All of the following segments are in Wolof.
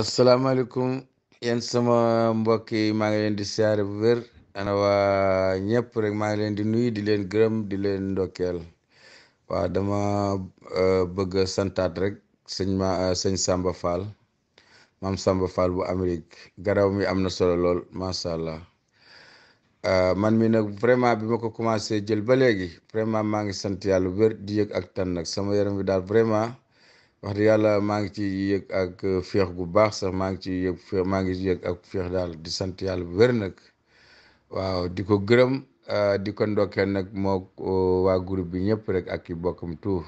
asalaamaaleykum yéen sama mbokk yi maa ngi leen di siyaare bu wér ana waa ñëpp rek maa ngi leen di nuyu di leen gërëm di leen ndokkeel waaw dama euh, bëgg a santaat rek sëñ ma euh, sëñ Samba Fall maam Samba Fall bu Amérique garaw mi am na solo lool macha allah euh, man mi nag vraiment bi ma ko commencé jël ba léegi vraiment maa ngi sant yàlla bu wér di yëg ak tan nag sama yaram bi daal vraiment. wax dëgg yàlla maa ngi ci yëg ak féex gu baax sax maa ngi ci yëg maa ngi ci yëg ak féex daal di sant yàlla bu wér nag waaw di ko gërëm ah, di ko ndokkeel nag moo oh, waa groupe bi ñëpp rek ak i bokkum tuur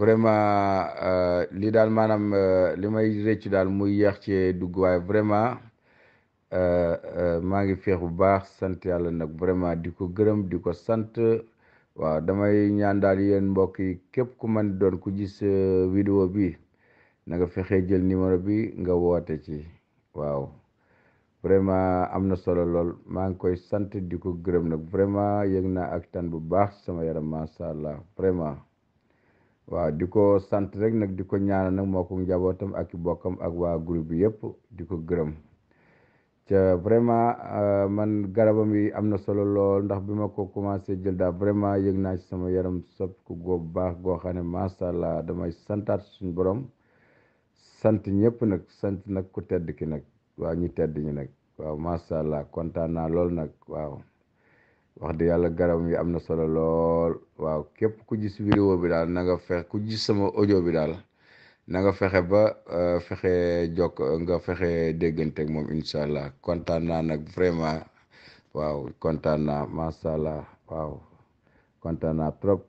vraiment ah, lii daal maanaam ah, li may rëccu daal muy yéex ci dugg waaye vraiment maa ngi féex bu baax sant yàlla nag vraiment di ko gërëm di ko sant waaw damay ñaan daal yéen mbokk yi képp ku man doon ku gis euh, vidéo bi na nga fexe jël numéro bi nga woote ci waaw vraiment am na solo lool maa ngi koy sant di ko gërëm nag vraiment yëg naa ak tan bu baax sama yaram macha allah vraiment waaw di ko sant rek nag di ko ñaanal nag moo ko njabootam ak i bokkam ak waa groupe bi yëpp di ko gërëm ca vraiment euh, man garabam yi am na solo lool ndax bi ma ko commencé jël daal vraiment yëg naa ci sama yaram soppiku googu baax goo xam ne macha allah damay santaat suñu borom sant ñëpp nag sant nag ku tedd ki nag waaw ñu tedd ñi nag waaw macha allah kontaan naa lool nag waaw wax dëgg yàlla garabam yi am na solo lool waaw képp ku gis vidéo bi daal na nga fex ku sama audio bi daal. na nga fexe ba euh, fexe jokk nga fexe déggante moom incha allah kontaan naa nag vraiment waaw kontaan na macha allah waaw kontaan naa trop.